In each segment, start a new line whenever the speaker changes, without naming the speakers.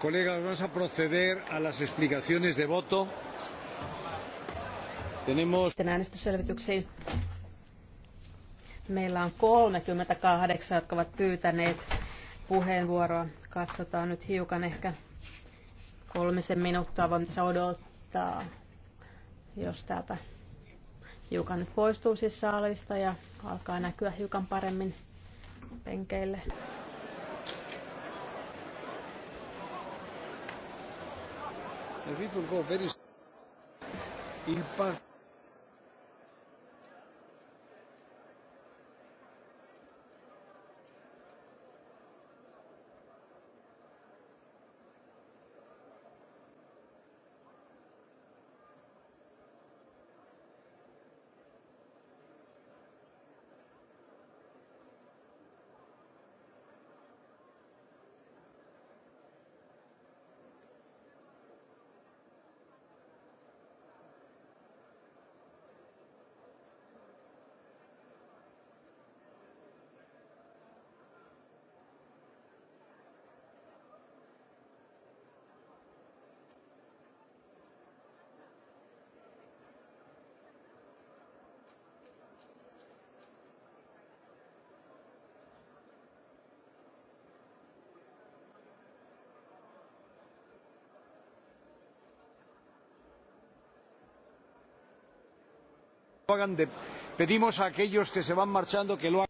Colegas, vamos a proceder a las explicaciones de voto. Tenemos... äänestysselvityksiin.
Meillä on 38, jotka ovat pyytäneet puheenvuoroa. Katsotaan nyt hiukan ehkä kolmisen minuuttia vaan tässä odottaa, jos täältä hiukan nyt poistuu siis saalista ja alkaa näkyä hiukan paremmin penkeille.
The people go very...
Il part...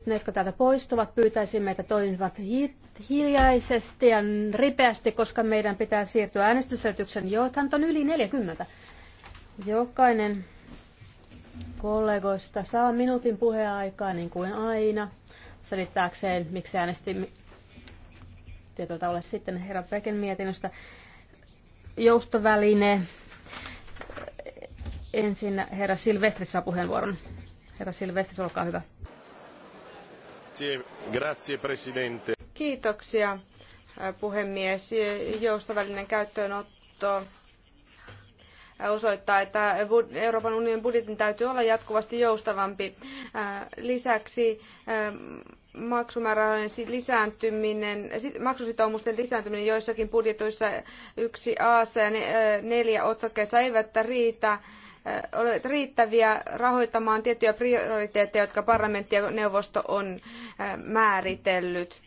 Ne, jotka täältä poistuvat, pyytäisimme, että toimivat hiljaisesti ja ripeästi, koska meidän pitää siirtyä äänestysselityksen. Joo, on yli 40. Jokainen kollegoista saa minuutin puheaikaa, niin kuin aina, selittääkseen, miksi äänesti tietyllä tavalla sitten herra Peken mietinnöstä joustoväline Ensin herra Silvestri saa puheenvuoron. Herra Silvestris, olkaa hyvä.
Grazie, presidente.
Kiitoksia, puhemies. Joustavälinen käyttöönotto osoittaa, että Euroopan unionin budjetin täytyy olla jatkuvasti joustavampi. Lisäksi maksumäärärahojen lisääntyminen, maksusitoumusten lisääntyminen joissakin budjetoissa yksi a ja neljä otsakkeessa eivät riitä ole riittäviä rahoittamaan tiettyjä prioriteetteja, jotka parlamentti ja neuvosto on määritellyt.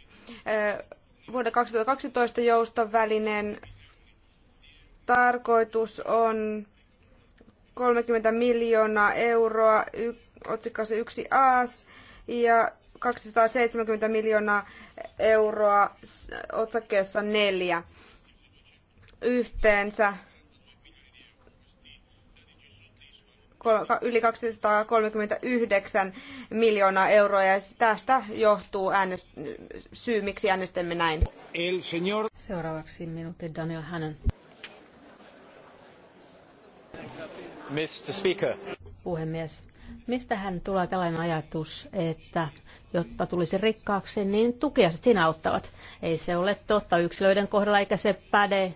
Vuoden kaksituhatta kaksitoista joustovälineen tarkoitus on 30 miljoonaa euroa otsikossa 1a ja 270 miljoonaa euroa otsakkeessa 4 yhteensä yli 239 miljoonaa euroa ja tästä johtuu äänest- syy, miksi äänestämme näin.
El señor...
Seuraavaksi minuutti Daniel Hannan.
Mr. Speaker.
Puhemies, mistä hän tulee tällainen ajatus, että jotta tulisi rikkaaksi, niin tukiaiset siinä auttavat? Ei se ole totta yksilöiden kohdalla, eikä se päde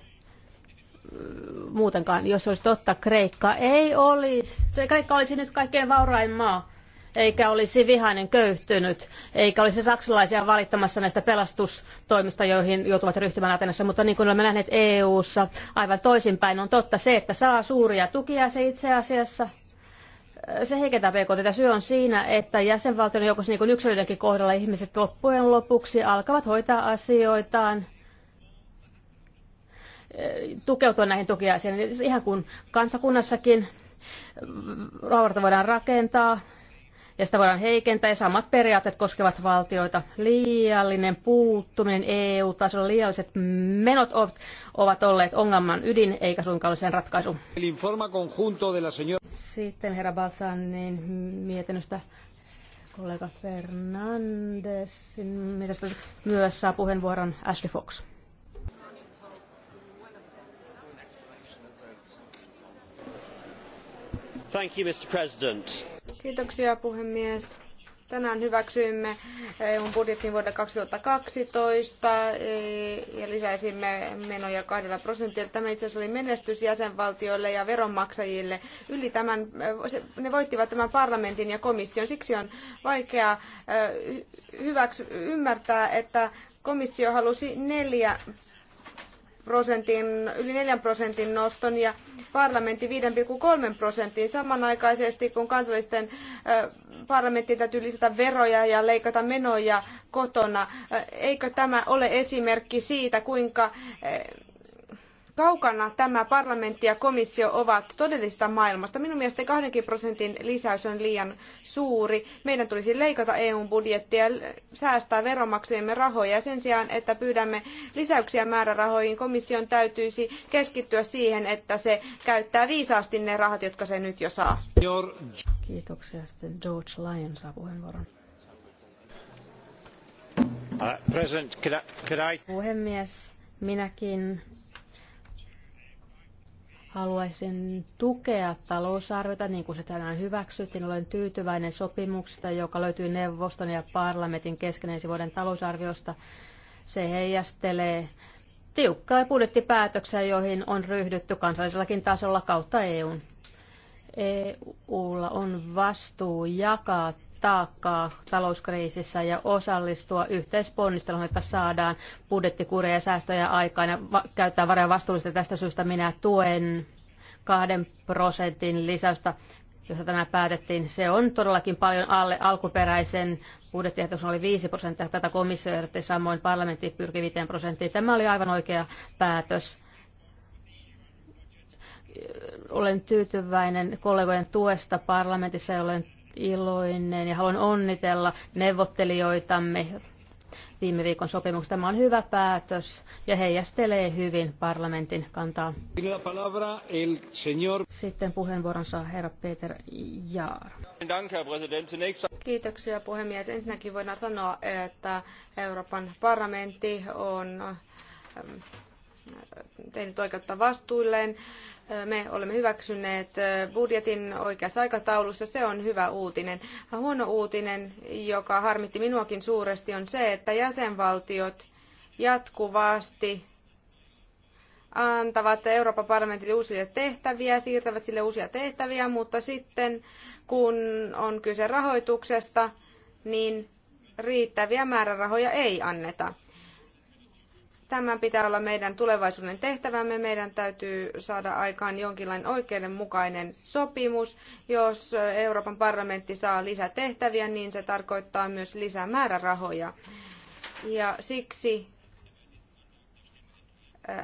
muutenkaan. Jos olisi totta, Kreikka ei olisi, se Kreikka olisi nyt kaikkein vaurain maa, eikä olisi vihainen köyhtynyt, eikä olisi saksalaisia valittamassa näistä pelastustoimista, joihin joutuvat ryhtymään Atenassa. Mutta niin kuin olemme nähneet EU-ssa, aivan toisinpäin on totta se, että saa suuria tukia se itse asiassa se heikentää BKT. Syy on siinä, että jäsenvaltion joukossa niin kuin yksilöidenkin kohdalla ihmiset loppujen lopuksi alkavat hoitaa asioitaan tukeutua näihin tukiaisiin. Ihan kuin kansakunnassakin mm, rauharta voidaan rakentaa ja sitä voidaan heikentää ja samat periaatteet koskevat valtioita. Liiallinen puuttuminen EU-tasolla, liialliset menot ovat, ovat olleet ongelman ydin eikä suinkaan ole sen ratkaisu. Sitten herra Balsanin mietinnöstä kollega Fernandes, myös saa puheenvuoron Ashley Fox.
arvoisa Kiitoksia puhemies. Tänään hyväksyimme EUn budjetin vuodelle kaksitoista eh, ja lisäisimme menoja kahdella prosentilla. Tämä itse asiassa oli menestys jäsenvaltioille ja veronmaksajille. Yli tämän, eh, ne voittivat tämän parlamentin ja komission. Siksi on vaikea eh, hyväksy, ymmärtää, että komissio halusi neljä prosentin, yli 4 prosentin noston ja parlamentti 5,3 prosentin samanaikaisesti, kun kansallisten parlamenttien täytyy lisätä veroja ja leikata menoja kotona. Eikö tämä ole esimerkki siitä, kuinka kaukana tämä parlamentti ja komissio ovat todellisesta maailmasta. Minun mielestäni 2 prosentin lisäys on liian suuri. Meidän tulisi leikata EUn budjettia ja säästää veronmaksajiemme rahoja. Sen sijaan, että pyydämme lisäyksiä määrärahoihin, komission täytyisi keskittyä siihen, että se käyttää viisaasti ne rahat, jotka se nyt jo saa.
Kiitoksia. Sitten George Lyon saa puheenvuoron.
Uh, I...
Puhemies, minäkin Haluaisin tukea talousarviota, niin kuin se tänään hyväksyttiin. Olen tyytyväinen sopimuksesta, joka löytyy neuvoston ja parlamentin kesken ensi vuoden talousarviosta. Se heijastelee tiukkaa budjettipäätöksiä, joihin on ryhdytty kansallisellakin tasolla kautta EUn. EUlla e on vastuu jakaa taakkaa talouskriisissä ja osallistua yhteisponnisteluun, että saadaan budjettikuria ja säästöjä aikaan ja va- käyttää varoja vastuullisesti. Tästä syystä minä tuen kahden prosentin lisäystä josta tämä päätettiin, se on todellakin paljon alle alkuperäisen budjettiehdotuksen oli 5 prosenttia. Tätä komissio ehdotti samoin parlamentti pyrki 5 prosenttiin. Tämä oli aivan oikea päätös. Olen tyytyväinen kollegojen tuesta parlamentissa ja olen iloinen ja haluan onnitella neuvottelijoitamme viime viikon sopimuksesta. Tämä on hyvä päätös ja heijastelee hyvin parlamentin kantaa.
Sitten
puheenvuoron saa herra Peter Jaar. Kiitoksia puhemies. Ensinnäkin voidaan sanoa, että Euroopan parlamentti on ähm, tehnyt oikeutta vastuilleen me olemme hyväksyneet budjetin oikeassa aikataulussa, se on hyvä uutinen. Huono uutinen, joka harmitti minuakin suuresti, on se, että jäsenvaltiot jatkuvasti antavat Euroopan parlamentille uusia tehtäviä, siirtävät sille uusia tehtäviä, mutta sitten kun on kyse rahoituksesta, niin riittäviä määrärahoja ei anneta. Tämän pitää olla meidän tulevaisuuden tehtävämme. Meidän täytyy saada aikaan jonkinlainen oikeudenmukainen sopimus. Jos Euroopan parlamentti saa lisätehtäviä, niin se tarkoittaa myös lisää määrärahoja. Ja siksi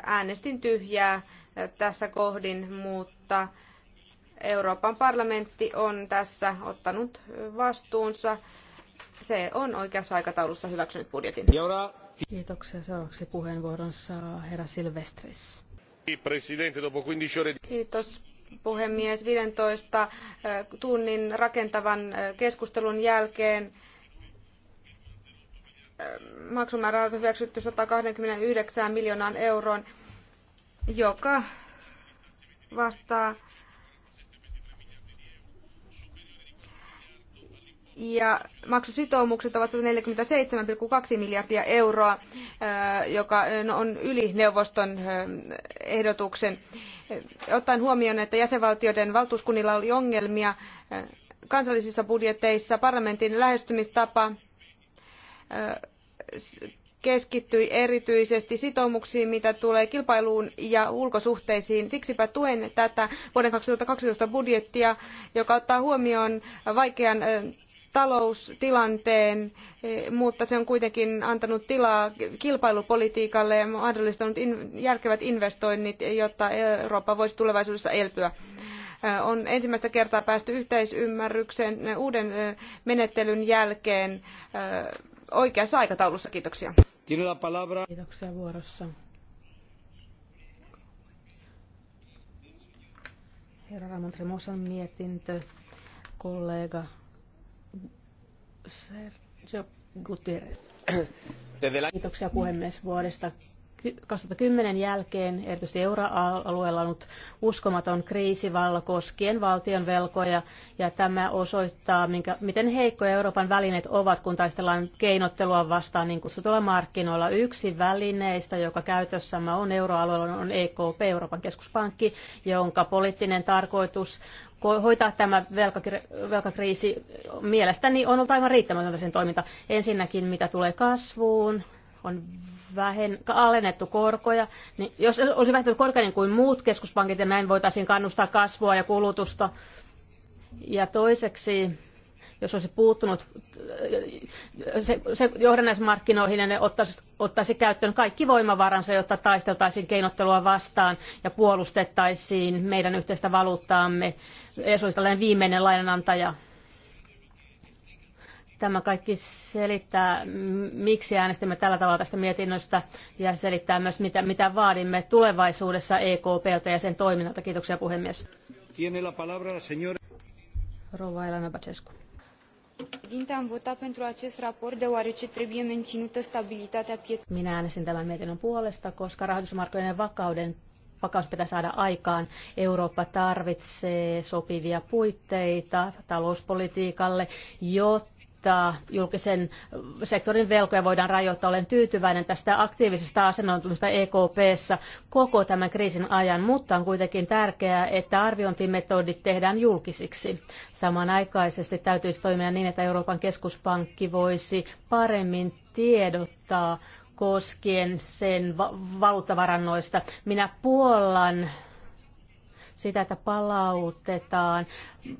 äänestin tyhjää tässä kohdin, mutta Euroopan parlamentti on tässä ottanut vastuunsa. Se on oikeassa aikataulussa hyväksynyt budjetin. Jora. Kiitoksia. Seuraavaksi puheenvuoron herra Silvestris. Kiitos puhemies. 15 eh, tunnin rakentavan eh, keskustelun jälkeen eh, maksumäärä on hyväksytty 129 miljoonaan euroon, joka vastaa ja maksusitoumukset ovat 147,2 miljardia euroa, joka no, on yli neuvoston ehdotuksen. Ottaen huomioon, että jäsenvaltioiden valtuuskunnilla oli ongelmia kansallisissa budjeteissa, parlamentin lähestymistapa keskittyi erityisesti sitoumuksiin, mitä tulee kilpailuun ja ulkosuhteisiin. Siksipä tuen tätä vuoden 2012 budjettia, joka ottaa huomioon vaikean taloustilanteen, eh, mutta se on kuitenkin antanut tilaa kilpailupolitiikalle ja mahdollistanut järkevät investoinnit, jotta Eurooppa voisi tulevaisuudessa elpyä eh, on ensimmäistä kertaa päästy yhteisymmärrykseen uuden eh, menettelyn jälkeen oikeassa aikataulussa. Kiitoksia. Kiitoksia vuorossa. Herra Ramon
Tremosan mietintö, kollega Sergio Gutierrez.
Kiitoksia puhemies
vuodesta 2010 jälkeen erityisesti euroalueella on ollut uskomaton kriisivalla koskien valtion velkoja, ja tämä osoittaa, minkä, miten heikkoja Euroopan välineet ovat, kun taistellaan keinottelua vastaan niin kutsutulla markkinoilla. Yksi välineistä, joka käytössämme on euroalueella, on EKP, Euroopan keskuspankki, jonka poliittinen tarkoitus hoitaa tämä velkakriisi mielestäni on ollut aivan riittämätöntä sen toiminta. Ensinnäkin mitä tulee kasvuun, on vähen, alennettu korkoja, niin jos olisi vähennetty korkoja niin kuin muut keskuspankit, ja näin voitaisiin kannustaa kasvua ja kulutusta. Ja toiseksi, jos olisi puuttunut se, se johdannaismarkkinoihin niin ne ottaisi, ottaisi käyttöön kaikki voimavaransa, jotta taisteltaisiin keinottelua vastaan ja puolustettaisiin meidän yhteistä valuuttaamme. Ja se olisi tällainen viimeinen lainanantaja Tämä kaikki selittää, miksi äänestimme tällä tavalla tästä mietinnöstä ja selittää myös, mitä, mitä vaadimme tulevaisuudessa EKPltä ja sen toiminnalta. Kiitoksia puhemies.
Tiene la palabra,
Rova Elena Bacescu.
Am votat pentru acest raport deoarece trebuie menținută stabilitatea pieței. Minä äänestin tämän mietinnön puolesta, koska
rahoitusmarkkinoiden vakauden vakaus pitää saada aikaan. Eurooppa tarvitsee sopivia puitteita talouspolitiikalle, jotta rajoittaa, julkisen sektorin velkoja voidaan rajoittaa. Olen tyytyväinen tästä aktiivisesta asennoitumisesta EKPssä koko tämän kriisin ajan, mutta on kuitenkin tärkeää, että arviointimetodit tehdään julkisiksi. Samanaikaisesti täytyisi toimia niin, että Euroopan keskuspankki voisi paremmin tiedottaa koskien sen valuuttavarannoista. Minä puollan sitä, että palautetaan mm,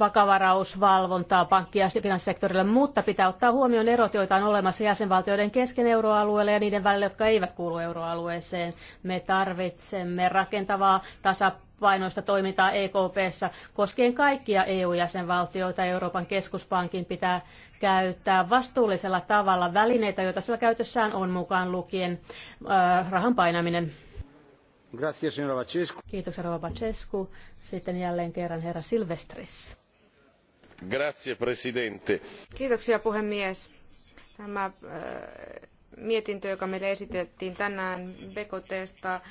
vakavarausvalvontaa pankki- ja finanssisektorille, mutta pitää ottaa huomioon erot, joita on olemassa jäsenvaltioiden kesken euroalueella ja niiden välillä, jotka eivät kuulu euroalueeseen. Me tarvitsemme rakentavaa tasapainoista toimintaa EKPssä koskien kaikkia EU-jäsenvaltioita. Euroopan keskuspankin pitää käyttää vastuullisella tavalla välineitä, joita sillä käytössään on mukaan lukien rahan painaminen.
Gracias, señora Bacescu.
Kiitos, rouva Bacescu. Sitten
jälleen kerran herra Silvestris.
Grazie, presidente.
Kiitoksia, puhemies. Tämä äh, mietintö, joka meille esitettiin tänään BKTsta, äh,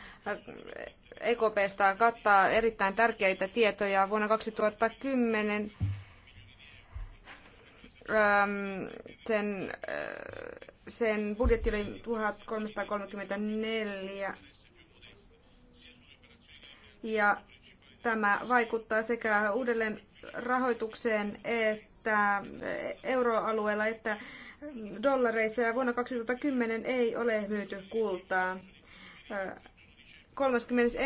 EKPstä, kattaa erittäin tärkeitä tietoja. Vuonna 2010 ähm, sen, äh, sen budjetti oli 1334 ja tämä vaikuttaa sekä uudelleen rahoitukseen että euroalueella että dollareissa. Ja vuonna 2010 ei ole myyty kultaa. 31.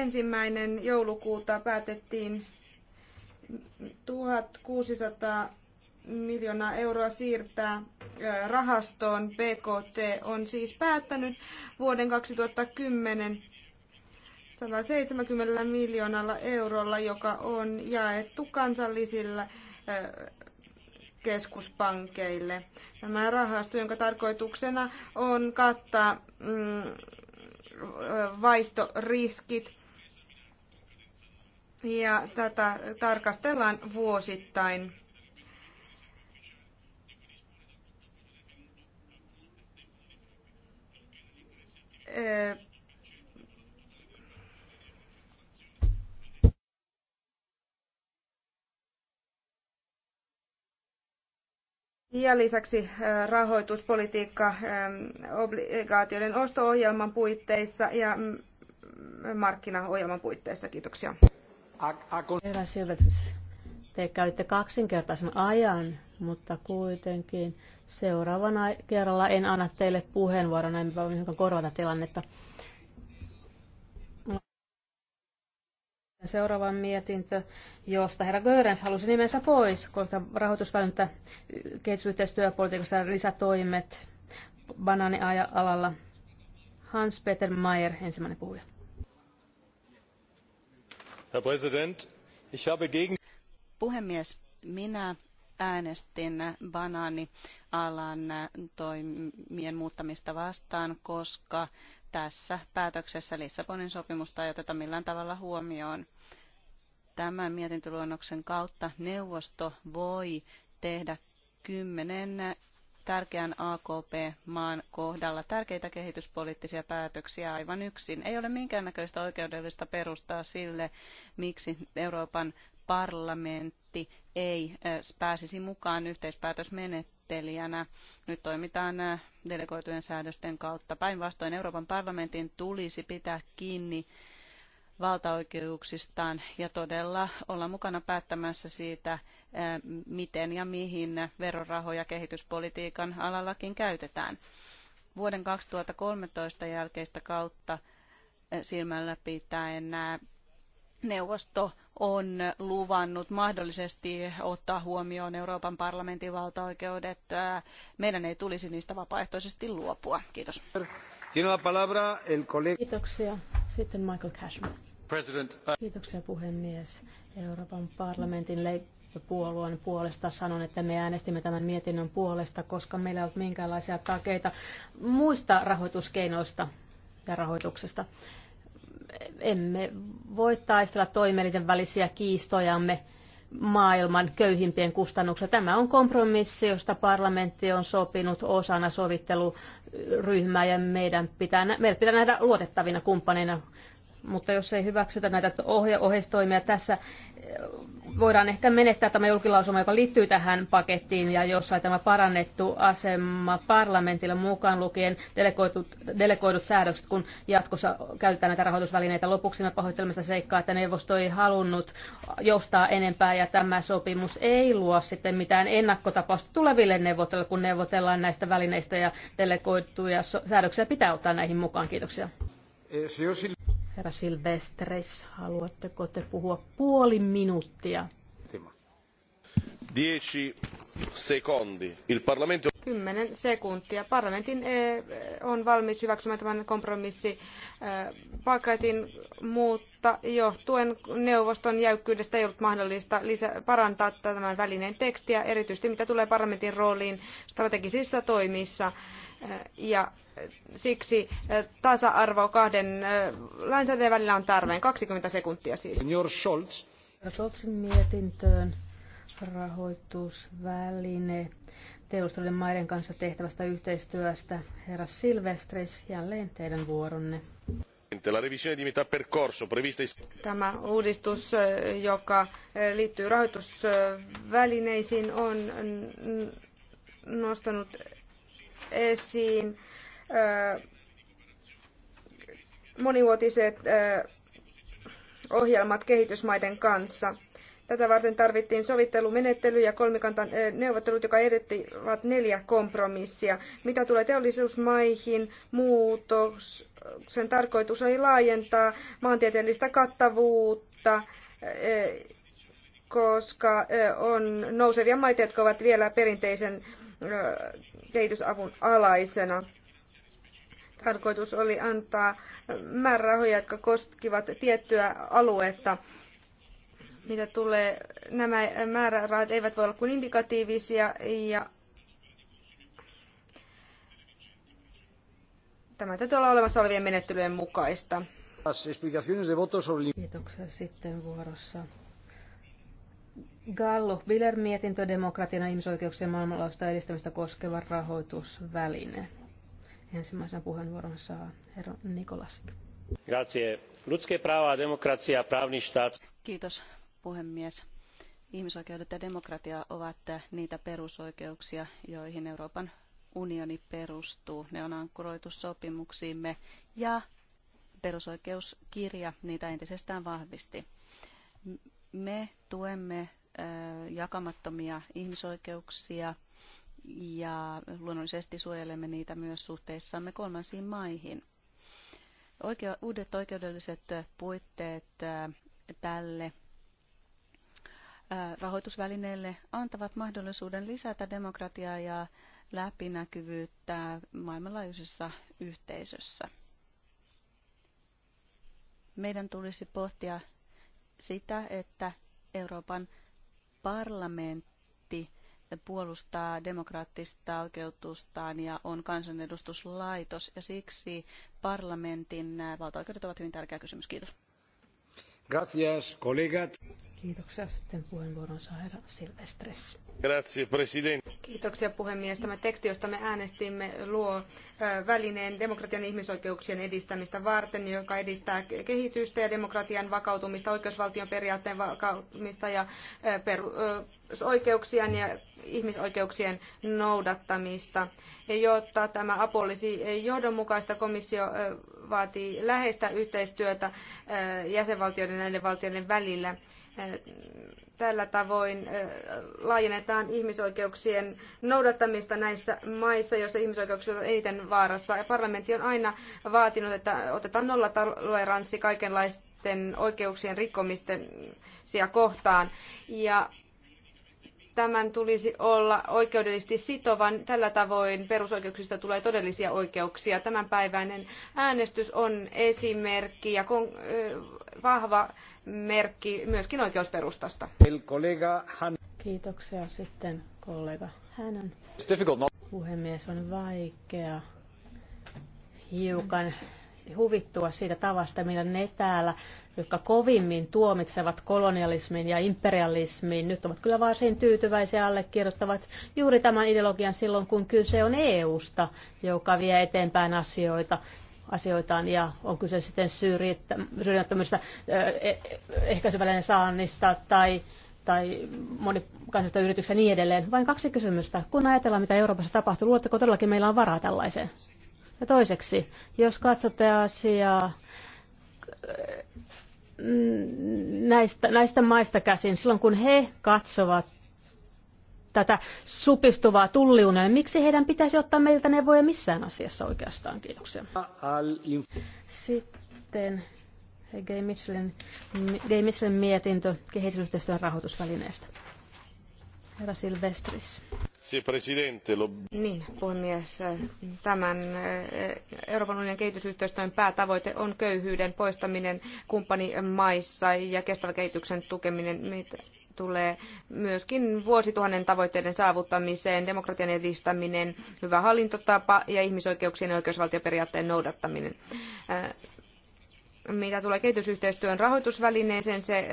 joulukuuta päätettiin 1600 miljoonaa euroa siirtää rahastoon. BKT on siis päättänyt vuoden 2010 170 miljoonalla eurolla, joka on jaettu kansallisille keskuspankeille. Tämä rahasto, jonka tarkoituksena on kattaa mm, vaihtoriskit ja tätä tarkastellaan vuosittain. Öö, Ja lisäksi äh, rahoituspolitiikka ähm, obligaatioiden osto-ohjelman puitteissa ja mm, markkinaohjelman puitteissa. Kiitoksia. Herra Silvetis,
te käytte kaksinkertaisen ajan, mutta kuitenkin seuraavana kerralla en anna teille puheenvuoron, en voi korvata tilannetta. Seuraava mietintö, josta herra Görens halusi nimensä pois, koska rahoitusvälintä kehitysyhteistyöpolitiikassa ja lisätoimet banaanialalla. Hans-Peter
Mayer, ensimmäinen puhuja.
Herr Präsident, ich habe gegen...
Puhemies, minä äänestin banaanialan toimien muuttamista vastaan, koska tässä päätöksessä Lissabonin sopimusta ei oteta millään tavalla huomioon. Tämän mietintöluonnoksen kautta neuvosto voi tehdä kymmenen tärkeän AKP-maan kohdalla tärkeitä kehityspoliittisia päätöksiä aivan yksin. Ei ole minkäännäköistä oikeudellista perustaa sille, miksi Euroopan parlamentti ei pääsisi mukaan yhteispäätösmenettelyyn esittelijänä. Nyt toimitaan äh, delegoitujen säädösten kautta. Päinvastoin Euroopan parlamentin tulisi pitää kiinni valtaoikeuksistaan ja todella olla mukana päättämässä siitä, äh, miten ja mihin verorahoja kehityspolitiikan alallakin käytetään. Vuoden 2013 jälkeistä kautta äh, silmällä pitäen neuvosto on luvannut mahdollisesti ottaa huomioon Euroopan parlamentin valtaoikeudet. Meidän ei tulisi niistä vapaaehtoisesti luopua. Kiitos.
Kiitoksia. Sitten Michael Cashman.
President. Uh-
Kiitoksia puhemies. Euroopan parlamentin puolueen puolesta sanon, että me äänestimme tämän mietinnön puolesta, koska meillä ei ollut minkäänlaisia takeita muista rahoituskeinoista ja rahoituksesta emme voi taistella toimielinten välisiä kiistojamme maailman köyhimpien kustannuksella. Tämä on kompromissi, josta parlamentti on sopinut osana sovitteluryhmää ja meidän pitää, meidät pitää nähdä luotettavina kumppaneina mutta jos ei hyväksytä näitä ohje- ohjeistoimia tässä, voidaan ehkä menettää tämä julkilausuma, joka liittyy tähän pakettiin, ja jossa tämä parannettu asema parlamentilla mukaan lukien delegoidut, delegoidut säädökset, kun jatkossa käytetään näitä rahoitusvälineitä. Lopuksi me pahoittelemista seikkaa, että neuvosto ei halunnut joustaa enempää, ja tämä sopimus ei luo sitten mitään ennakkotapausta tuleville neuvotteluille, kun neuvotellaan näistä välineistä, ja delegoituja säädöksiä pitää ottaa näihin mukaan. Kiitoksia. Eh, Herra Silvestres, haluatteko te puhua puoli
minuuttia?
Dieci sekundi. Il parlamento...
Kymmenen sekuntia. Parlamentin eh, on valmis hyväksymään tämän kompromissipaketin, eh, mutta johtuen neuvoston jäykkyydestä ei ollut mahdollista lisä, parantaa tämän välineen tekstiä, erityisesti mitä tulee parlamentin rooliin strategisissa toimissa. Eh, ja siksi eh, tasa-arvo kahden eh, lainsäädännön välillä on tarpeen. 20 sekuntia siis. Senior Scholz.
Scholzin mietintöön rahoitusväline teollisuuden maiden kanssa tehtävästä yhteistyöstä. Herra Silvestris, jälleen teidän vuoronne.
Tämä uudistus, eh, joka liittyy rahoitusvälineisiin, on nostanut esiin monivuotiset ohjelmat kehitysmaiden kanssa. Tätä varten tarvittiin sovittelumenettely ja kolmikantan neuvottelut, jotka edettivät neljä kompromissia. Mitä tulee teollisuusmaihin, muutos, sen tarkoitus oli laajentaa maantieteellistä kattavuutta, koska on nousevia maita, jotka ovat vielä perinteisen kehitysavun alaisena tarkoitus oli antaa määrärahoja, jotka koskivat tiettyä aluetta. Mitä tulee, nämä määrärahat eivät voi olla kuin indikatiivisia ja tämä täytyy olla olemassa olevien menettelyjen
mukaista.
Kiitoksia. Sitten vuorossa
Gallo, Biller mietintö demokratian ja ihmisoikeuksien maailmanlaajuista edistämistä koskeva rahoitusväline. Ensimmäisen puheenvuoron saa herra Nikolasik.
Grazie. štát.
Kiitos puhemies. Ihmisoikeudet ja demokratia ovat niitä perusoikeuksia, joihin Euroopan unioni perustuu. Ne on ankkuroitu sopimuksiimme ja perusoikeuskirja niitä entisestään vahvisti. Me tuemme äh, jakamattomia ihmisoikeuksia – ja luonnollisesti suojelemme niitä myös suhteissamme kolmansiin maihin. Oike- uudet oikeudelliset puitteet tälle rahoitusvälineelle antavat mahdollisuuden lisätä demokratiaa ja läpinäkyvyyttä maailmanlaajuisessa yhteisössä. Meidän tulisi pohtia sitä, että Euroopan parlamentti puolustaa demokraattista oikeutustaan ja on kansanedustuslaitos. Ja siksi parlamentin valtaoikeudet ovat hyvin tärkeä kysymys. Kiitos.
Gracias, kollegat.
Kiitoksia.
Sitten puheenvuoron
saa herra Silvestres
arvoisa
Kiitoksia puhemies.
Tämä teksti, josta me äänestimme, luo välineen demokratian ja ihmisoikeuksien edistämistä varten, joka edistää kehitystä ja demokratian vakautumista, oikeusvaltion periaatteen vakautumista ja perusoikeuksien ja ihmisoikeuksien noudattamista. Ja jotta tämä apu olisi johdonmukaista, komissio vaatii läheistä yhteistyötä jäsenvaltioiden ja näiden valtioiden välillä tällä tavoin laajennetaan ihmisoikeuksien noudattamista näissä maissa, joissa ihmisoikeuksia ovat eniten vaarassa. Ja parlamentti on aina vaatinut, että otetaan nollatoleranssi kaikenlaisten oikeuksien rikkomisten kohtaan. Ja tämän tulisi olla oikeudellisesti sitovan. Tällä tavoin perusoikeuksista tulee todellisia oikeuksia. Tämänpäiväinen äänestys on esimerkki ja vahva merkki myöskin oikeusperustasta.
Kiitoksia sitten kollega Hänen. Puhemies on vaikea hiukan huvittua siitä tavasta, millä ne täällä, jotka kovimmin tuomitsevat kolonialismin ja imperialismin, nyt ovat kyllä varsin tyytyväisiä allekirjoittavat juuri tämän ideologian silloin, kun kyse on EUsta, joka vie eteenpäin asioita asioitaan ja on kyse sitten syrjimättömyydestä, e, ehkäisyvälinen saannista tai, tai monikansallista yrityksistä ja niin edelleen. Vain kaksi kysymystä. Kun ajatellaan, mitä Euroopassa tapahtuu, luuletteko todellakin meillä on varaa tällaiseen? Ja toiseksi, jos katsotte asiaa mm, näistä, näistä maista käsin, silloin kun he katsovat tätä supistuvaa niin miksi heidän pitäisi ottaa meiltä neuvoja missään asiassa oikeastaan? Kiitoksia. Sitten Gay Mitchellin, Gay Mitchellin mietintö kehitysyhteistyön
rahoitusvälineestä. Herra Silvestris. Niin, puhemies. Tämän eh, Euroopan unionin kehitysyhteistyön päätavoite on köyhyyden poistaminen kumppanimaissa ja kestävän kehityksen tukeminen. Mitä tulee myöskin vuosituhannen tavoitteiden saavuttamiseen, demokratian edistäminen, hyvä hallintotapa ja ihmisoikeuksien ja oikeusvaltioperiaatteen noudattaminen. Eh, mitä tulee kehitysyhteistyön rahoitusvälineeseen, se äh,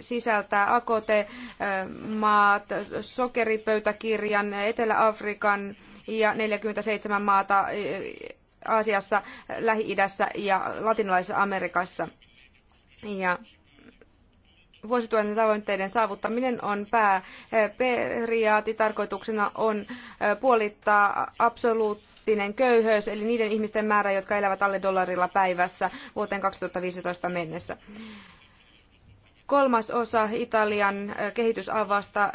sisältää AKT-maat, äh, sokeripöytäkirjan, Etelä-Afrikan ja 47 maata äh, Aasiassa, Lähi-idässä ja Latinalaisessa Amerikassa. Ja vuosituhannen tavoitteiden saavuttaminen on pääperiaate. Tarkoituksena on puolittaa absoluuttinen köyhyys, eli niiden ihmisten määrä, jotka elävät alle dollarilla päivässä vuoteen 2015 mennessä. Kolmas osa Italian kehitysavasta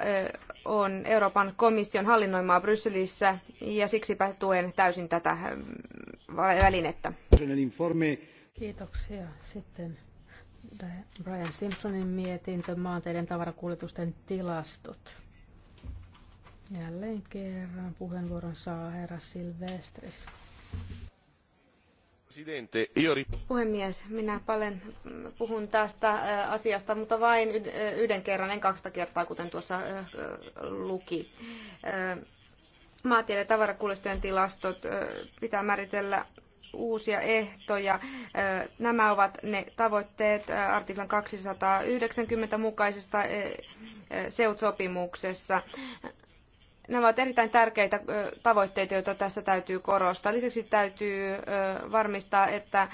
on Euroopan komission hallinnoimaa Brysselissä ja siksipä tuen täysin tätä välinettä. Kiitoksia. Sitten Brian Simpsonin
mietintö, maanteiden tavarakuljetusten tilastot. Jälleen kerran
puheenvuoron saa herra Silvestris. Puhemies, minä paljon puhun tästä äh, asiasta, mutta vain äh, yhden kerran, en kaksi kertaa, kuten tuossa äh, luki. Maatiede- ja tavarakuljetusten tilastot pitää määritellä uusia ehtoja. Nämä ovat ne tavoitteet artiklan 290 mukaisesta SEUT-sopimuksessa. Nämä ovat erittäin tärkeitä tavoitteita, joita tässä täytyy korostaa. Lisäksi täytyy varmistaa, että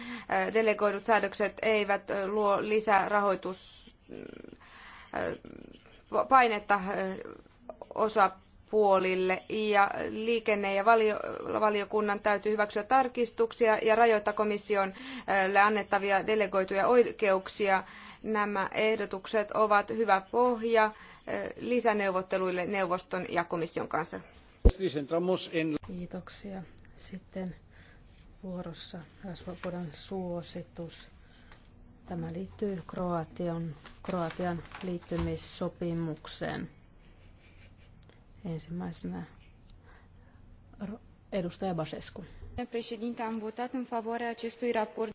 delegoidut säädökset eivät luo lisää rahoitus osa puolille ja liikenne- ja valiokunnan täytyy hyväksyä tarkistuksia ja rajoittaa komissiolle annettavia delegoituja oikeuksia. Nämä ehdotukset ovat hyvä pohja eh, lisäneuvotteluille neuvoston ja komission kanssa.
Kiitoksia. Sitten
vuorossa rasvapodan
suositus. Tämä liittyy Kroatian, Kroatian liittymissopimukseen. Ensimmäisenä edustaja Basescu. am votat în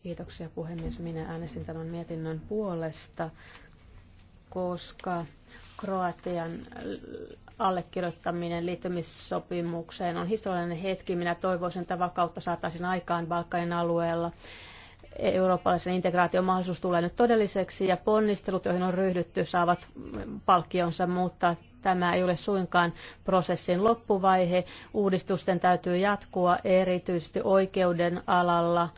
Kiitoksia puhemies. Minä äänestin tämän mietinnön puolesta, koska Kroatian allekirjoittaminen liittymissopimukseen on historiallinen hetki. Minä toivoisin, että vakautta saataisiin aikaan Balkanin alueella. Eurooppalaisen integraation mahdollisuus tulee nyt todelliseksi ja ponnistelut, joihin on ryhdytty, saavat palkkionsa muuttaa Tämä ei ole suinkaan prosessin loppuvaihe. Uudistusten täytyy jatkua erityisesti oikeuden alalla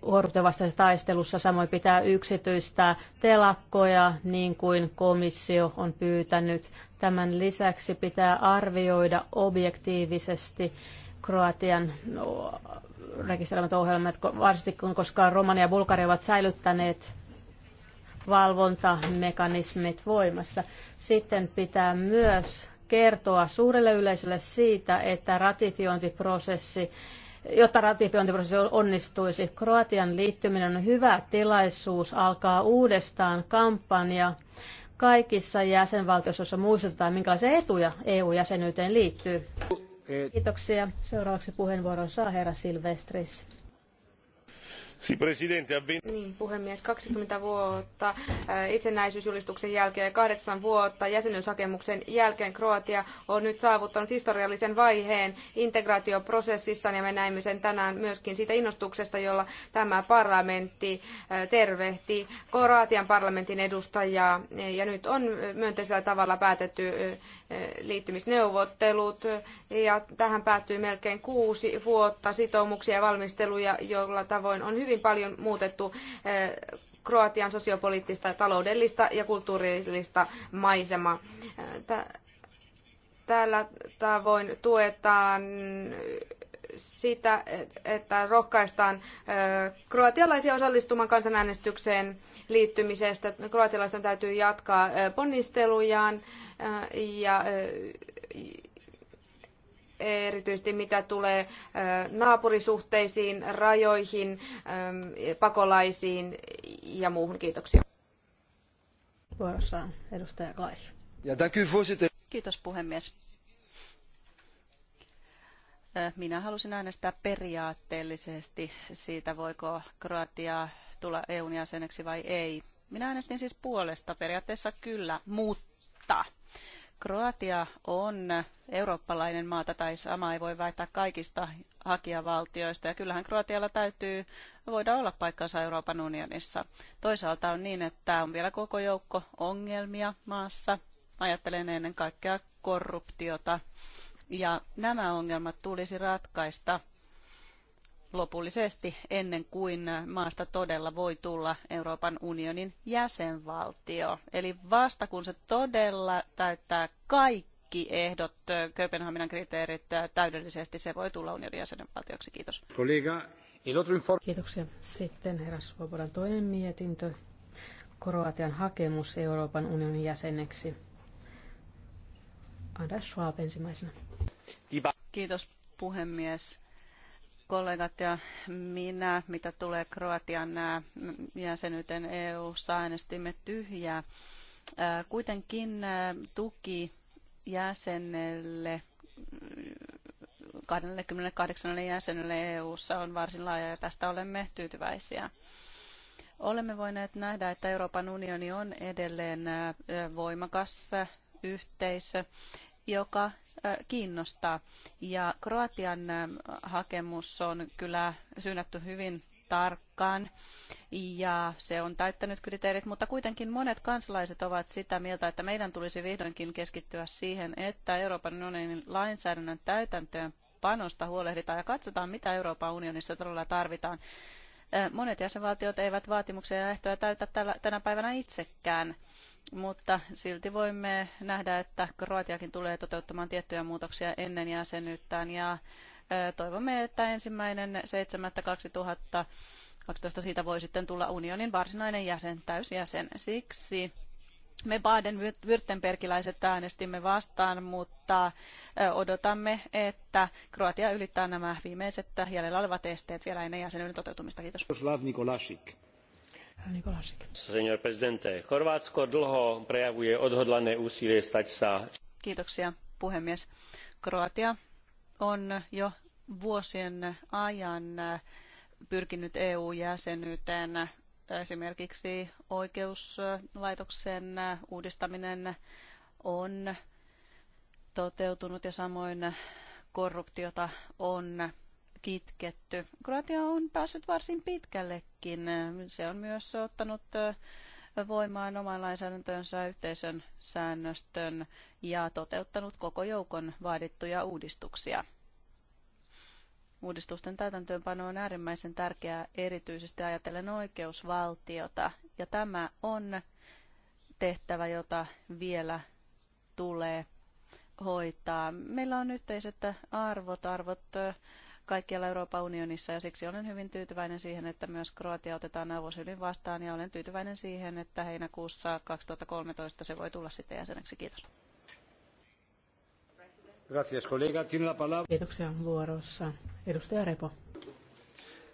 korruptiovastaisessa taistelussa. Samoin pitää yksityistää telakkoja, niin kuin komissio on pyytänyt. Tämän lisäksi pitää arvioida objektiivisesti Kroatian no, rekisteröimät ohjelmat, varsinkin koska Romania ja Bulgaria ovat säilyttäneet valvontamekanismit voimassa. Sitten pitää myös kertoa suurelle yleisölle siitä, että ratifiointiprosessi Jotta ratifiointiprosessi onnistuisi, Kroatian liittyminen on hyvä tilaisuus alkaa uudestaan kampanja kaikissa jäsenvaltioissa, joissa muistetaan, minkälaisia etuja EU-jäsenyyteen liittyy. Kiitoksia. Seuraavaksi puheenvuoron saa herra Silvestris.
Niin, puhemies, 20 vuotta äh, itsenäisyysjulistuksen jälkeen ja 8 vuotta jäsenyyshakemuksen jälkeen Kroatia on nyt saavuttanut historiallisen vaiheen integraatioprosessissa ja me näimme sen tänään myöskin siitä innostuksesta, jolla tämä parlamentti äh, tervehti Kroatian parlamentin edustajaa ja nyt on myönteisellä tavalla päätetty äh, liittymisneuvottelut ja tähän päättyy melkein kuusi vuotta sitoumuksia ja valmisteluja, joilla tavoin on hyvin hyvin paljon muutettu eh, Kroatian sosiopoliittista, taloudellista ja kulttuurillista maisemaa. Eh, tällä tavoin tuetaan sitä, että rohkaistaan eh, kroatialaisia osallistumaan kansanäänestykseen liittymisestä. Kroatialaisten täytyy jatkaa ponnistelujaan ja erityisesti mitä tulee naapurisuhteisiin, rajoihin, pakolaisiin ja muuhun. Kiitoksia. Vuorossa
edustaja Klaih. Kiitos puhemies. Minä halusin äänestää periaatteellisesti siitä, voiko Kroatia tulla EUn jäseneksi vai ei. Minä äänestin siis puolesta, periaatteessa kyllä, mutta Kroatia on eurooppalainen maa, tai sama ei voi väittää kaikista hakijavaltioista, ja kyllähän Kroatialla täytyy voida olla paikkansa Euroopan unionissa. Toisaalta on niin, että on vielä koko joukko ongelmia maassa. Ajattelen ennen kaikkea korruptiota, ja nämä ongelmat tulisi ratkaista – lopullisesti ennen kuin maasta todella voi tulla Euroopan unionin jäsenvaltio. Eli vasta kun se todella täyttää kaikki ehdot, Kööpenhaminan kriteerit täydellisesti, se voi tulla unionin jäsenvaltioksi. Kiitos.
Kiitoksia. Sitten herra Svobodan toinen mietintö. Kroatian hakemus Euroopan unionin jäseneksi. Anders Schwab ensimmäisenä.
Kiitos puhemies kollegat ja minä, mitä tulee Kroatian jäsenyyteen EU-ssa, äänestimme tyhjää. Kuitenkin tuki jäsenelle 28 jäsenelle EU:ssa on varsin laaja ja tästä olemme tyytyväisiä. Olemme voineet nähdä, että Euroopan unioni on edelleen voimakas yhteisö joka kiinnostaa. Ja Kroatian hakemus on kyllä syynätty hyvin tarkkaan ja se on täyttänyt kriteerit, mutta kuitenkin monet kansalaiset ovat sitä mieltä, että meidän tulisi vihdoinkin keskittyä siihen, että Euroopan unionin lainsäädännön täytäntöön panosta huolehditaan ja katsotaan, mitä Euroopan unionissa todella tarvitaan. Monet jäsenvaltiot eivät vaatimuksia ja ehtoja täytä tänä päivänä itsekään mutta silti voimme nähdä, että Kroatiakin tulee toteuttamaan tiettyjä muutoksia ennen jäsenyyttään ja toivomme, että ensimmäinen 7.2012 siitä voi sitten tulla unionin varsinainen jäsen, täysjäsen. Siksi me Baden-Württembergiläiset äänestimme vastaan, mutta odotamme, että Kroatia ylittää nämä viimeiset jäljellä olevat esteet vielä ennen jäsenyyden toteutumista. Kiitos.
Senior presidente, Chorvátsko dlho prejavuje odhodlané úsilie stať sa...
Kiitoksia puhemies. Kroatia on jo vuosien ajan pyrkinyt EU-jäsenyyteen esimerkiksi oikeuslaitoksen uudistaminen on toteutunut ja samoin korruptiota on kitketty. Kroatia on päässyt varsin pitkällekin. Se on myös ottanut voimaan oman lainsäädäntönsä yhteisön säännöstön ja toteuttanut koko joukon vaadittuja uudistuksia. Uudistusten täytäntöönpano on äärimmäisen tärkeää erityisesti ajatellen oikeusvaltiota, ja tämä on tehtävä, jota vielä tulee hoitaa. Meillä on yhteiset arvot, arvot kaikkialla Euroopan unionissa ja siksi olen hyvin tyytyväinen siihen, että myös Kroatia otetaan neuvosylin vastaan ja olen tyytyväinen siihen, että heinäkuussa 2013 se voi tulla sitten jäseneksi. Kiitos. Kiitoksia vuorossa. Edustaja Repo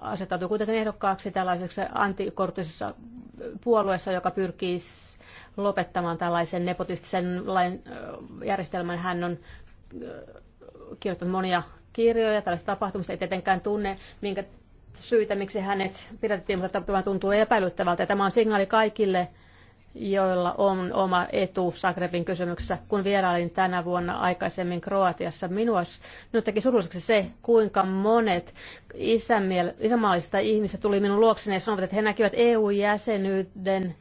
asettautui kuitenkin ehdokkaaksi tällaiseksi antikorttisessa puolueessa, joka pyrkii lopettamaan tällaisen nepotistisen lain järjestelmän. Hän on kirjoittanut monia kirjoja tällaista tapahtumista, ei tietenkään tunne, minkä syitä, miksi hänet pidätettiin, mutta tämä tuntuu epäilyttävältä. Ja tämä on signaali kaikille joilla on oma etu Zagrebin kysymyksessä. Kun vierailin tänä vuonna aikaisemmin Kroatiassa, minua, minut teki surulliseksi se, kuinka monet isämiel, isämaallisista ihmistä tuli minun luokseni ja sanoivat, että he näkivät EU-jäsenyyden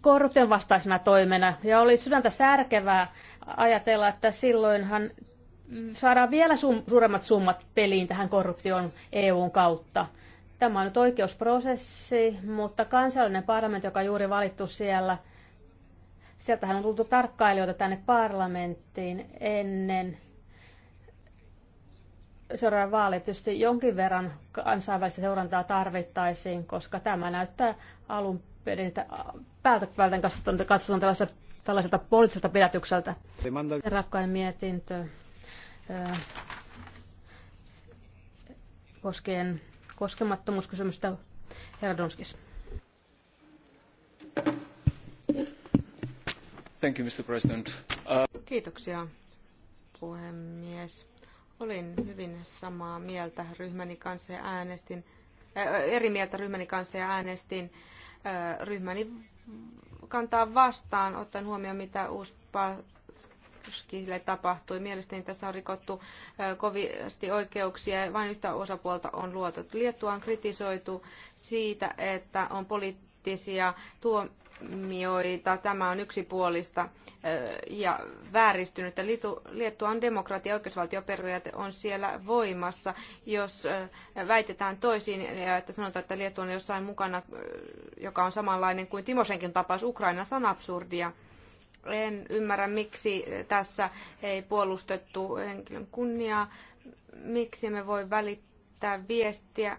korruption vastaisena toimena. Ja oli sydäntä särkevää ajatella, että silloinhan saadaan vielä suuremmat summat peliin tähän korruption EUn kautta Tämä on nyt oikeusprosessi, mutta kansallinen parlamentti, joka on juuri valittu siellä, sieltähän on tultu tarkkailijoita tänne parlamenttiin ennen seuraavan vaalit. Tietysti jonkin verran kansainvälistä seurantaa tarvittaisiin, koska tämä näyttää alun perin päältä päältä katsotaan tällaiselta, tällaiselta poliittiselta pidätykseltä. Rakkain mietintö koskien koskemattomuuskysymystä. Herra
Donskis.
Thank you, Mr. President. Uh...
Kiitoksia, puhemies. Olin hyvin samaa mieltä ryhmäni kanssa ja äänestin, äh, eri mieltä ryhmäni kanssa ja äänestin äh, ryhmäni kantaa vastaan, ottaen huomioon mitä uuspa Koskille tapahtui. Mielestäni tässä on rikottu kovasti oikeuksia ja vain yhtä osapuolta on luotettu. Liettua on kritisoitu siitä, että on poliittisia tuomioita. Tämä on yksipuolista ja vääristynyt, Liettua on demokratia ja oikeusvaltioperiaate on siellä voimassa. Jos väitetään toisin ja että sanotaan, että Liettua on jossain mukana, joka on samanlainen kuin Timosenkin tapaus Ukrainassa, on absurdia en ymmärrä, miksi tässä ei puolustettu henkilön kunniaa, miksi me voi välittää viestiä.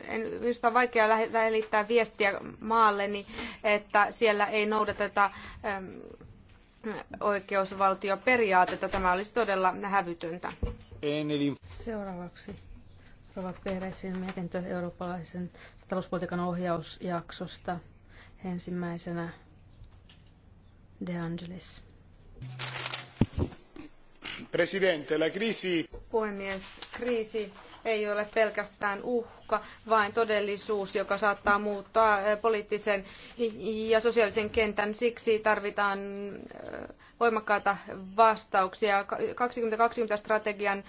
En, minusta on vaikea välittää viestiä maalleni, että siellä ei noudateta äm, oikeusvaltioperiaatetta. Tämä olisi todella hävytöntä.
Seuraavaksi Rova Peresin mietintö eurooppalaisen talouspolitiikan ohjausjaksosta ensimmäisenä De
la
Puhemies, kriisi ei ole pelkästään uhka, vaan todellisuus, joka saattaa muuttaa eh, poliittisen ja sosiaalisen kentän. Siksi tarvitaan eh, voimakkaita vastauksia. 2020-strategian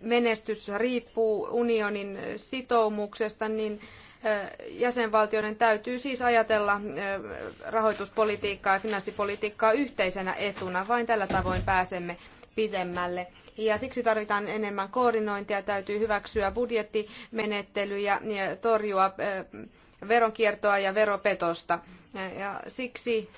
menestys riippuu unionin sitoumuksesta, niin jäsenvaltioiden täytyy siis ajatella rahoituspolitiikkaa ja finanssipolitiikkaa yhteisenä etuna. Vain tällä tavoin pääsemme pidemmälle. Ja siksi tarvitaan enemmän koordinointia, täytyy hyväksyä budjettimenettelyjä ja torjua veronkiertoa ja veropetosta. Ja siksi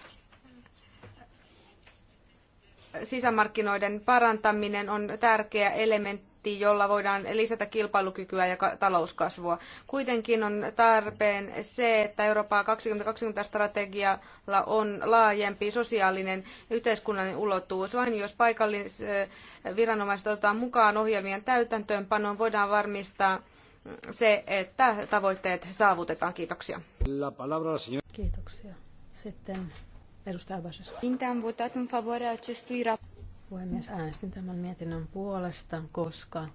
sisämarkkinoiden parantaminen on tärkeä elementti paketti, jolla voidaan lisätä kilpailukykyä ja talouskasvua. Kuitenkin on tarpeen se, että Euroopan 2020-strategialla on laajempi sosiaalinen ja yhteiskunnallinen ulottuvuus. Vain jos paikallisviranomaiset otetaan mukaan ohjelmien täytäntöönpanoon, voidaan varmistaa se, että tavoitteet saavutetaan. Kiitoksia.
Kiitoksia.
Sitten edustaja votat
acestui Puhemies, äänestin tämän mietinnön puolesta, koska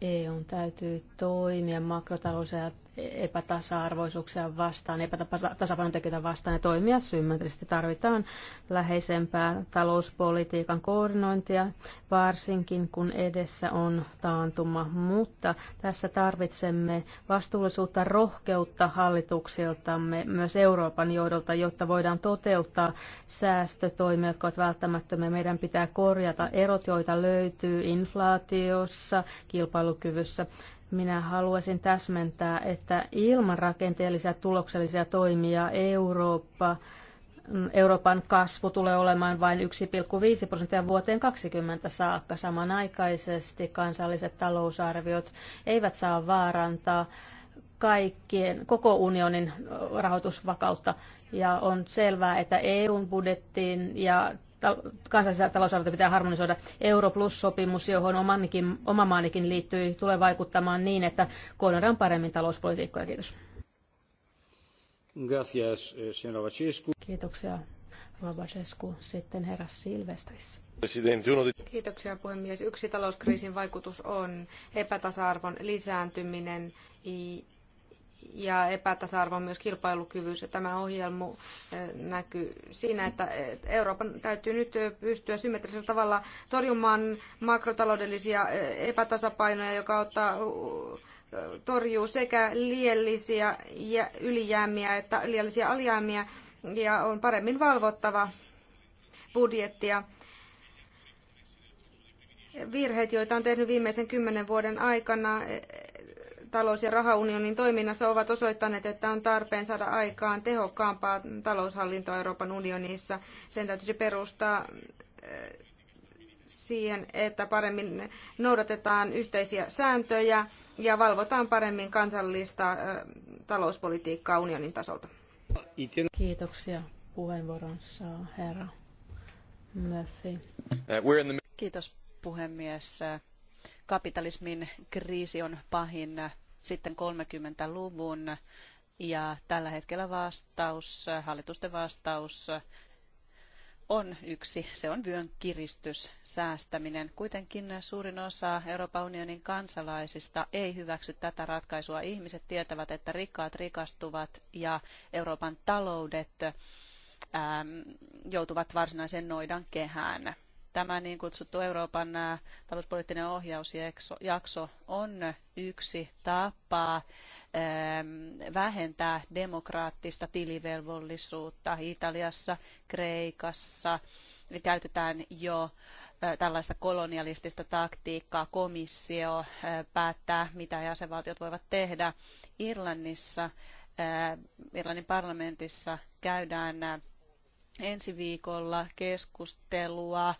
EUn täytyy toimia makrotalous- ja epätasa-arvoisuuksia vastaan, epätasapainotekijöitä vastaan ja toimia symmetrisesti. Tarvitaan läheisempää talouspolitiikan koordinointia, varsinkin kun edessä on taantuma. Mutta tässä tarvitsemme vastuullisuutta, rohkeutta hallituksiltamme, myös Euroopan johdolta, jotta voidaan toteuttaa säästötoimia, jotka ovat välttämättömiä. Meidän pitää korjata erot, joita löytyy inflaatiossa, kilpailukyvyssä minä haluaisin täsmentää, että ilman rakenteellisia tuloksellisia toimia Eurooppa, mm, Euroopan kasvu tulee olemaan vain 1,5 prosenttia vuoteen 2020 saakka. Samanaikaisesti kansalliset talousarviot eivät saa vaarantaa kaikkien, koko unionin rahoitusvakautta. Ja on selvää, että EUn budjettiin ja kansallisia talousarvioita pitää harmonisoida. Euro Plus-sopimus, johon omanikin, oma maanikin liittyy, tulee vaikuttamaan niin, että koordinoidaan paremmin talouspolitiikkoja. Kiitos.
Gracias, eh,
Kiitoksia,
Robacescu. Sitten herra
Silvestris. Kiitoksia puhemies. Yksi talouskriisin vaikutus on epätasa-arvon lisääntyminen ja epätasa-arvo on myös kilpailukyvyys. Ja tämä ohjelma eh, näkyy siinä, että Euroopan täytyy nyt eh, pystyä symmetrisellä tavalla torjumaan makrotaloudellisia eh, epätasapainoja, joka ottaa torjuu sekä liiallisia ylijäämiä että liiallisia alijäämiä ja on paremmin valvottava budjettia virheet, joita on tehnyt viimeisen kymmenen vuoden aikana, talous- ja rahaunionin toiminnassa ovat osoittaneet, että on tarpeen saada aikaan tehokkaampaa taloushallintoa Euroopan unionissa. Sen täytyisi perustaa eh, siihen, että paremmin noudatetaan yhteisiä sääntöjä ja valvotaan paremmin kansallista eh, talouspolitiikkaa unionin tasolta.
Kiitoksia. Puheenvuoron saa herra Murphy. Eh, Kiitos puhemies kapitalismin kriisi on pahin sitten 30-luvun ja tällä hetkellä vastaus, hallitusten vastaus on yksi, se on vyön kiristys, säästäminen. Kuitenkin suurin osa Euroopan unionin kansalaisista ei hyväksy tätä ratkaisua. Ihmiset tietävät, että rikkaat rikastuvat ja Euroopan taloudet ähm, joutuvat varsinaiseen noidan kehään tämä niin kutsuttu Euroopan talouspoliittinen ohjausjakso on yksi tapa vähentää demokraattista tilivelvollisuutta. Italiassa, Kreikassa käytetään jo tällaista kolonialistista taktiikkaa. Komissio päättää, mitä jäsenvaltiot voivat tehdä. Irlannissa Irlannin parlamentissa käydään ensi viikolla keskustelua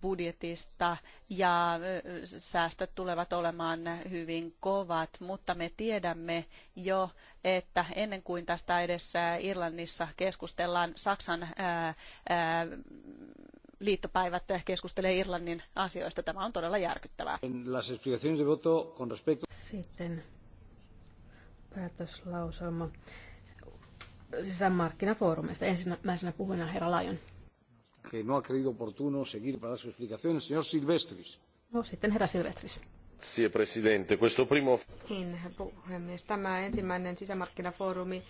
budjetista ja säästöt tulevat olemaan hyvin kovat, mutta me tiedämme jo, että ennen kuin tästä edessä Irlannissa keskustellaan, Saksan liittopäivät keskustelee Irlannin asioista. Tämä on todella järkyttävää. Sitten
päätöslauselma sisämarkkinafoorumista. Ensimmäisenä puhujana herra Lajon.
Que no ha creído oportuno seguir para dar su explicación, señor Silvestris.
No, sitten herra Silvestris. Niin, puhemies. Tämä ensimmäinen sisämarkkinafoorumi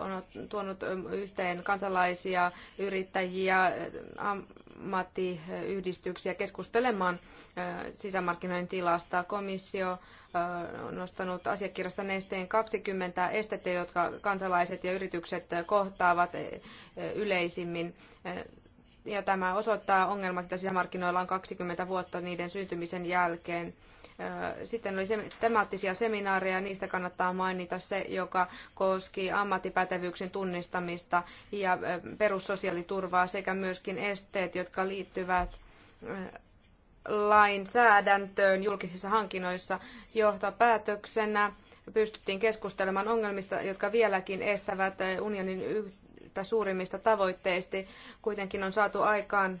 on tuonut yhteen kansalaisia, yrittäjiä, ammattiyhdistyksiä keskustelemaan sisämarkkinoiden tilasta. Komissio on nostanut asiakirjassa nesteen 20 estettä, jotka kansalaiset ja yritykset kohtaavat yleisimmin ja tämä osoittaa ongelmat, että sisämarkkinoilla on 20 vuotta niiden syntymisen jälkeen. Sitten oli temaattisia seminaareja, niistä kannattaa mainita se, joka koski ammattipätevyyksien tunnistamista ja perussosiaaliturvaa sekä myöskin esteet, jotka liittyvät lainsäädäntöön julkisissa hankinnoissa johtopäätöksenä pystyttiin keskustelemaan ongelmista, jotka vieläkin estävät unionin yhtä suurimmista tavoitteista. Kuitenkin on saatu aikaan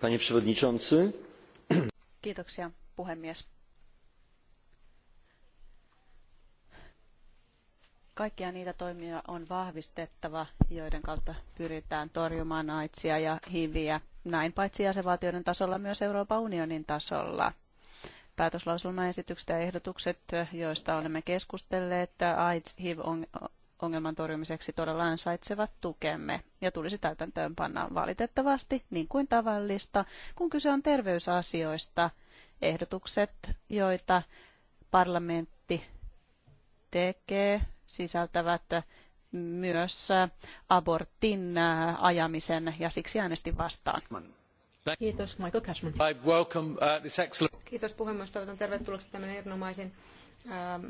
Panie przewodniczący.
Kiitoksia, puhemies. Kaikkia niitä toimia on vahvistettava, joiden kautta pyritään torjumaan aitsia ja hiviä, näin paitsi jäsenvaltioiden tasolla myös Euroopan unionin tasolla päätöslauselmaesitykset ja ehdotukset, joista olemme keskustelleet, AIDS, HIV, ongelman torjumiseksi todella ansaitsevat tukemme ja tulisi täytäntöön panna valitettavasti niin kuin tavallista, kun kyse on terveysasioista. Ehdotukset, joita parlamentti tekee, sisältävät myös abortin äh, ajamisen ja siksi äänestin vastaan. Kiitos, Michael Cashman.
I welcome, uh, this excellent...
Kiitos puhemies, toivotan tervetulleeksi tämän erinomaisen Ähm,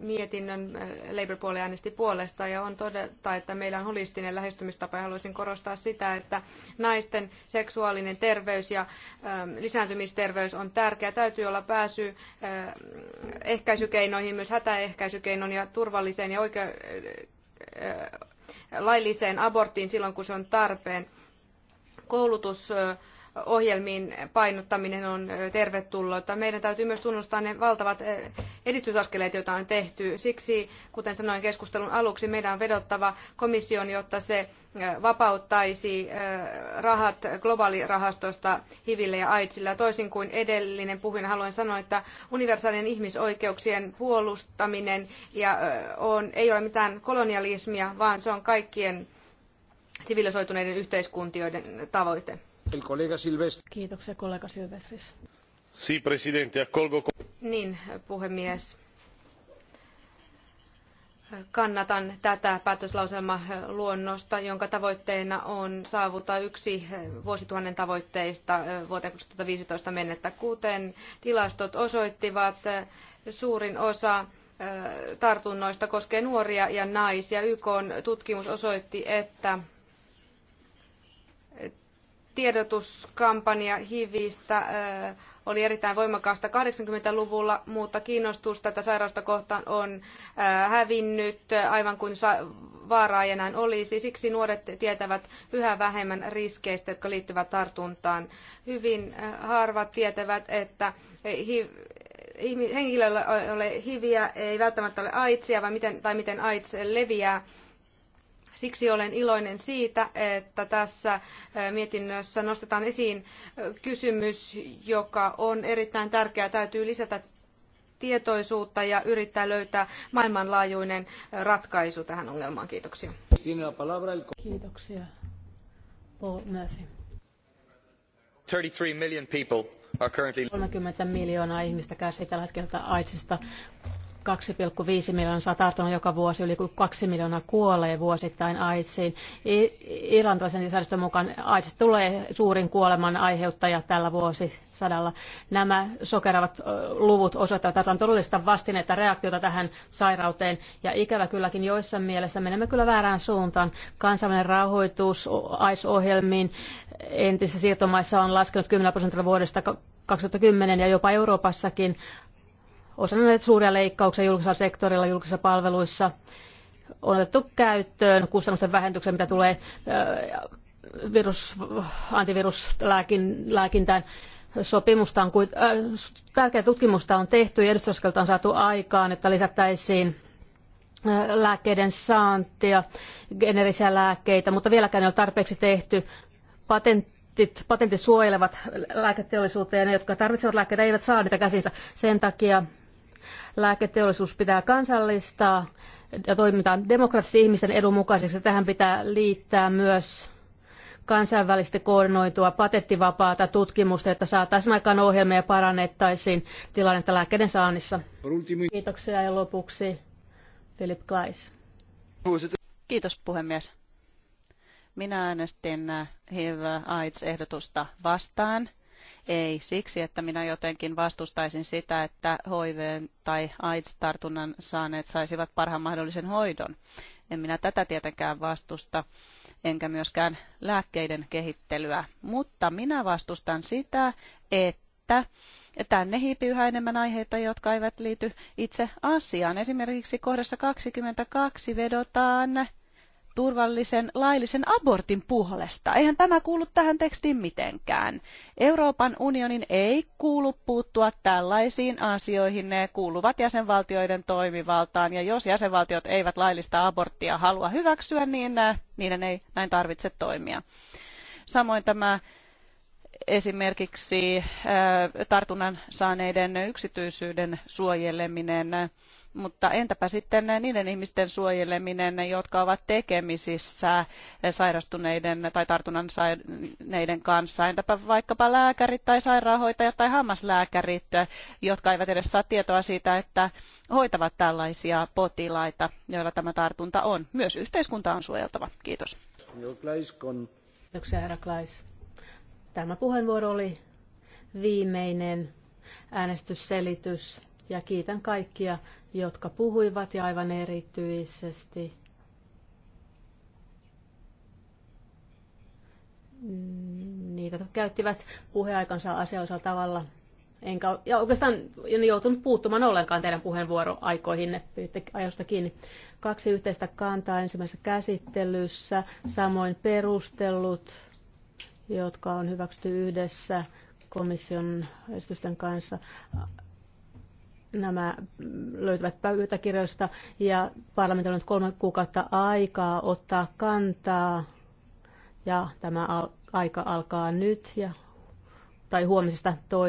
mietinnön äh, Labour-puoli äänesti puolesta ja on todeta, että meillä on holistinen lähestymistapa ja haluaisin korostaa sitä, että naisten seksuaalinen terveys ja ähm, lisääntymisterveys on tärkeä. Täytyy olla pääsy äh, ehkäisykeinoihin, myös hätäehkäisykeinoon ja turvalliseen ja oikea, äh, lailliseen aborttiin silloin, kun se on tarpeen. Koulutus ohjelmiin painottaminen on tervetullutta. Meidän täytyy myös tunnustaa ne valtavat edistysaskeleet, joita on tehty. Siksi, kuten sanoin keskustelun aluksi, meidän on vedottava komission, jotta se vapauttaisi rahat globaalirahastosta HIVille ja AIDSille. Toisin kuin edellinen puhuin, haluan sanoa, että universaalien ihmisoikeuksien puolustaminen ja on, ei ole mitään kolonialismia, vaan se on kaikkien sivilisoituneiden yhteiskuntien tavoite.
Kiitoksia kollega Silvestris. Si,
presidente, accolgo...
Niin, puhemies. Kannatan tätä päätöslauselmaluonnosta, jonka tavoitteena on saavuttaa yksi vuosituhannen tavoitteista vuoteen 2015 mennettä. Kuten tilastot osoittivat, suurin osa eh, tartunnoista koskee nuoria ja naisia. YK tutkimus osoitti, että tiedotuskampanja HIVistä oli erittäin voimakasta 80-luvulla, mutta kiinnostus tätä sairausta kohtaan on hävinnyt aivan kuin vaaraa ei enää olisi. Siksi nuoret tietävät yhä vähemmän riskeistä, jotka liittyvät tartuntaan. Hyvin harvat tietävät, että HIV, henkilöllä ole hiviä, ei välttämättä ole aitsia, vai miten, tai miten aids leviää Siksi olen iloinen siitä, että tässä mietinnössä nostetaan esiin kysymys, joka on erittäin tärkeä. Täytyy lisätä tietoisuutta ja yrittää löytää maailmanlaajuinen ratkaisu tähän ongelmaan. Kiitoksia. Kiitoksia. Paul Murphy.
33
miljoonaa ihmistä kärsii tällä hetkellä AIDSista. 2,5 miljoonaa saa tartunnan joka vuosi, yli 2 miljoonaa kuolee vuosittain AIDSiin. Irlantilaisen lisäistön mukaan AIDS tulee suurin kuoleman aiheuttaja tällä vuosisadalla. Nämä sokeravat luvut osoittavat, että on todellista vastinetta reaktiota tähän sairauteen. Ja ikävä kylläkin joissain mielessä menemme kyllä väärään suuntaan. Kansainvälinen rahoitus AIDS-ohjelmiin entisissä siirtomaissa on laskenut 10 prosentilla vuodesta 2010 ja jopa Euroopassakin osana näitä suuria leikkauksia julkisella sektorilla, julkisissa palveluissa on otettu käyttöön kustannusten vähentyksen, mitä tulee äh, virus, antiviruslääkintään. Sopimusta on, äh, tärkeää tutkimusta on tehty ja edustuskelta on saatu aikaan, että lisättäisiin äh, lääkkeiden saantia, generisiä lääkkeitä, mutta vieläkään ei ole tarpeeksi tehty. Patentit, patentit suojelevat lääketeollisuutta ja ne, jotka tarvitsevat lääkkeitä, eivät saa niitä käsinsä. Sen takia lääketeollisuus pitää kansallistaa ja toimitaan demokraattisesti ihmisten edun mukaiseksi. Tähän pitää liittää myös kansainvälisesti koordinoitua patenttivapaata tutkimusta, että saataisiin aikaan ohjelmia ja parannettaisiin tilannetta lääkkeiden saannissa. Kiitoksia ja lopuksi Philip Kleis.
Kiitos puhemies. Minä äänestin HIV-AIDS-ehdotusta vastaan. Ei siksi, että minä jotenkin vastustaisin sitä, että HIV- tai AIDS-tartunnan saaneet saisivat parhaan mahdollisen hoidon. En minä tätä tietenkään vastusta, enkä myöskään lääkkeiden kehittelyä. Mutta minä vastustan sitä, että tänne hiipii yhä enemmän aiheita, jotka eivät liity itse asiaan. Esimerkiksi kohdassa 22 vedotaan turvallisen laillisen abortin puolesta. Eihän tämä kuulu tähän tekstiin mitenkään. Euroopan unionin ei kuulu puuttua tällaisiin asioihin. Ne kuuluvat jäsenvaltioiden toimivaltaan ja jos jäsenvaltiot eivät laillista aborttia halua hyväksyä, niin äh, niiden ei näin tarvitse toimia. Samoin tämä esimerkiksi tartunnan saaneiden yksityisyyden suojeleminen, mutta entäpä sitten niiden ihmisten suojeleminen, jotka ovat tekemisissä sairastuneiden tai tartunnan saaneiden kanssa? Entäpä vaikkapa lääkärit tai sairaanhoitajat tai hammaslääkärit, jotka eivät edes saa tietoa siitä, että hoitavat tällaisia potilaita, joilla tämä tartunta on? Myös yhteiskunta on suojeltava. Kiitos.
Kiitoksia, herra Tämä puheenvuoro oli viimeinen äänestysselitys ja kiitän kaikkia, jotka puhuivat ja aivan erityisesti niitä, jotka käyttivät puheaikansa asiallisella tavalla. Enkä, ja oikeastaan en joutunut puuttumaan ollenkaan teidän puheenvuoroaikoihinne, pyytte ajoista kiinni. Kaksi yhteistä kantaa ensimmäisessä käsittelyssä, samoin perustellut jotka on hyväksytty yhdessä komission esitysten kanssa. Nämä löytyvät pöytäkirjoista ja parlamentti on nyt kolme kuukautta aikaa ottaa kantaa ja tämä aika alkaa nyt ja, tai huomisesta toinen.